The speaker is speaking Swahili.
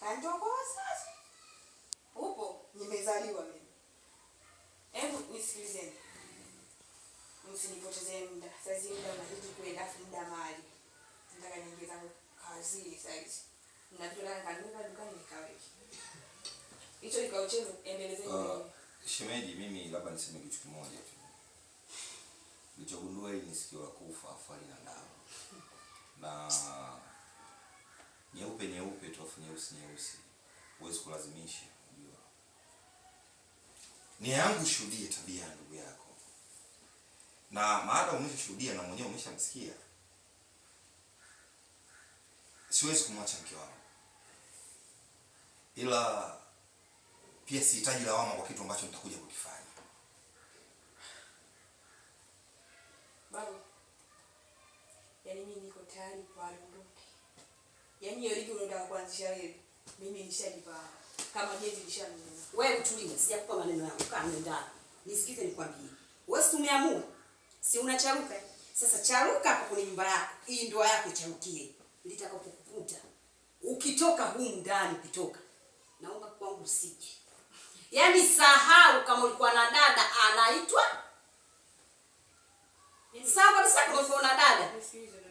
Na nitaokoa sasa. Upo, nimezaliwa mimi. Hebu nisikilizeni. Msinipotezee muda. Sasa hivi muda unazidi kwenda afu muda mali. Nataka niingie zangu kazi sasa hivi. Na vitu dukani nikaweke. Hicho kikao chenu endelezeni. Uh, shemeji, mimi labda niseme kitu kimoja tu. Nilichogundua hili ni kufa afu halina dawa nyeupe nyeupe tofu nyeusi nyeusi, huwezi kulazimisha. Unajua nia yangu, shuhudie tabia ya ndugu yako, na maada umeshashuhudia na mwenyewe umeshamsikia. Siwezi kumwacha mke wangu, ila pia sihitaji lawama kwa kitu ambacho nitakuja kukifanya. Baba, yani mimi niko tayari kwa ndugu Yaani hiyo ligi unataka kuanzisha wewe. Mimi nishajipanga. Kama jezi nishanunua. Wewe utulie, sijakupa maneno yako. Kaa ndani. Nisikize nikwambie. Wewe si umeamua? Si unacharuka? Sasa charuka hapo kwenye nyumba yako. Hii ndoa yako charukie. Litakapokukuta. Ukitoka humu ndani ukitoka. Naomba kwangu usije. Yaani sahau kama ulikuwa na dada anaitwa yaani Sawa kabisa, kama ulikuwa na dada.